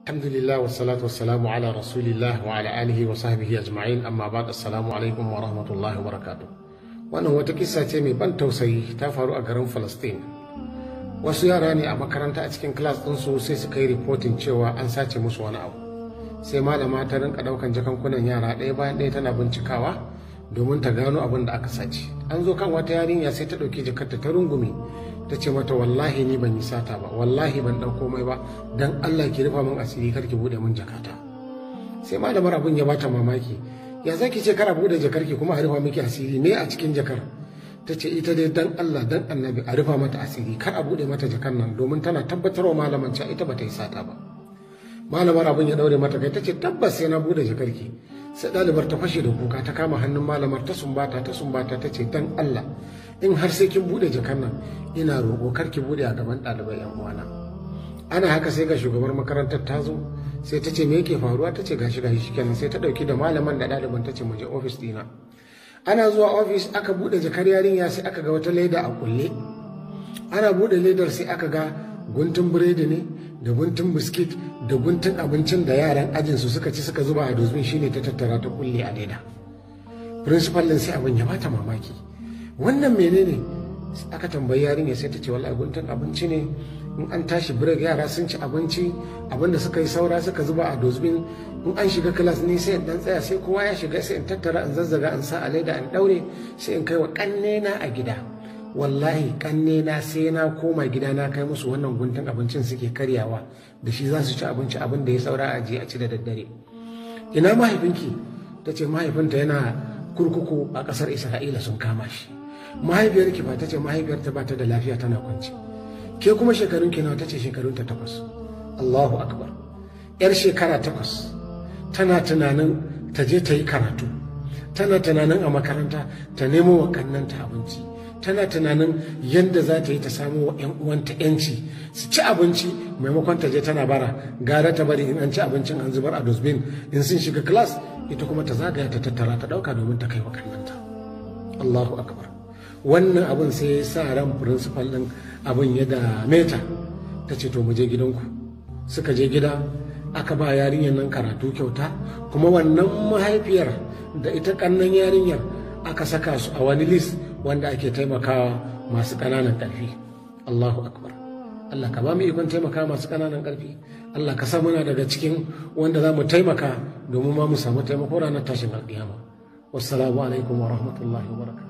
Alhamdulillah wassalatu wassalamu ala rasulillah wa ala alihi wa sahbihi ajma'in amma ba'd assalamu alaikum wa rahmatullahi wa wannan wata kisa ce mai ban tausayi ta faru a garin Falastin wasu yara ne a makaranta a cikin class din su sai suka yi reporting cewa an sace musu wani abu sai malama ta rinka daukan jakankunan yara ɗaya bayan ɗaya tana bincikawa domin ta gano abin da aka sace an zo kan wata yarinya sai ta ɗauki jakarta ta rungume ta ce mata wallahi ni ban yi sata ba wallahi ban ɗan komai ba don Allah ki rufa min asiri kar ki bude min jakata sai malamar abin ya bata mamaki ya zaki ce kar a bude jakar ki kuma a rufa miki asiri me a cikin jakar ta ce ita dai dan Allah dan annabi a rufa mata asiri kar a bude mata jakar nan domin tana tabbatar wa malaman cewa ita ba ta yi sata ba malamar abin ya daure mata kai ta ce tabbas sai na bude jakar ki sai ɗalibar ta fashe da kuka ta kama hannun malamar ta sumbata ta sumbata ta ce dan Allah in har sai kin bude jakan nan ina roƙo kar ki bude a gaban ɗalibai yan uwana ana haka sai ga shugabar makarantar ta zo sai ta ce me yake faruwa ta ce gashi gashi kenan sai ta ɗauki da malaman da ɗaliban ta ce mu je ofis ɗina ana zuwa ofis aka bude jakar yarinya sai aka ga wata leda a kulle ana bude ledar sai aka ga guntun biredi ne da guntun biskit da guntun abincin da yaran ajinsu suka ci suka zuba a dozmin shine ta tattara ta kulle a daida principal din sai abin ya bata mamaki wannan menene aka tambayi yarin sai ta ce wallahi guntun abinci ne in an tashi break yara sun ci abinci abinda suka yi saura suka zuba a dozbin in an shiga class ne sai in dan tsaya sai kowa ya shiga sai in tattara in zazzaga in sa a leda in daure sai in kai wa kannena a gida wallahi kanne na sai na koma gida na kai musu wannan guntun abincin suke karyawa da shi za su ci abinci abin da ya saura a je a ci da daddare ina mahaifinki ta ce mahaifinta yana kurkuku a ƙasar isra'ila sun kama shi mahaifiyarki ba ta ce mahaifiyarta ba ta da lafiya tana kwance ke kuma shekarun ki nawa ta ce shekarun ta takwas allahu akbar yar shekara takwas tana tunanin ta je ta yi karatu tana tunanin a makaranta ta nemo wa kannanta abinci tana tunanin yadda za ta yi ta samu wa 'yan uwanta 'yanci su ci abinci maimakon ta je tana bara gara ta bari in an ci abincin an zubar a dusbin, in sun shiga class ita kuma ta zagaya ta tattara ta dauka domin ta kai wa kallonta. Allahu akbar wannan abin sai sa ran principal din abin ya dame ta ta ce to mu je gidanku suka je gida aka ba yarinyar nan karatu kyauta kuma wannan mahaifiyar da ita kannan yarinyar aka saka su a wani list wanda ake taimakawa masu ƙananan ƙarfi Allahu akbar Allah ka ba mu ikon taimaka masu ƙananan ƙarfi Allah ka sa muna daga cikin wanda za mu taimaka domin ma mu samu taimako ranar tashin alƙiyama wassalamu alaikum wa rahmatullahi wa barakatuh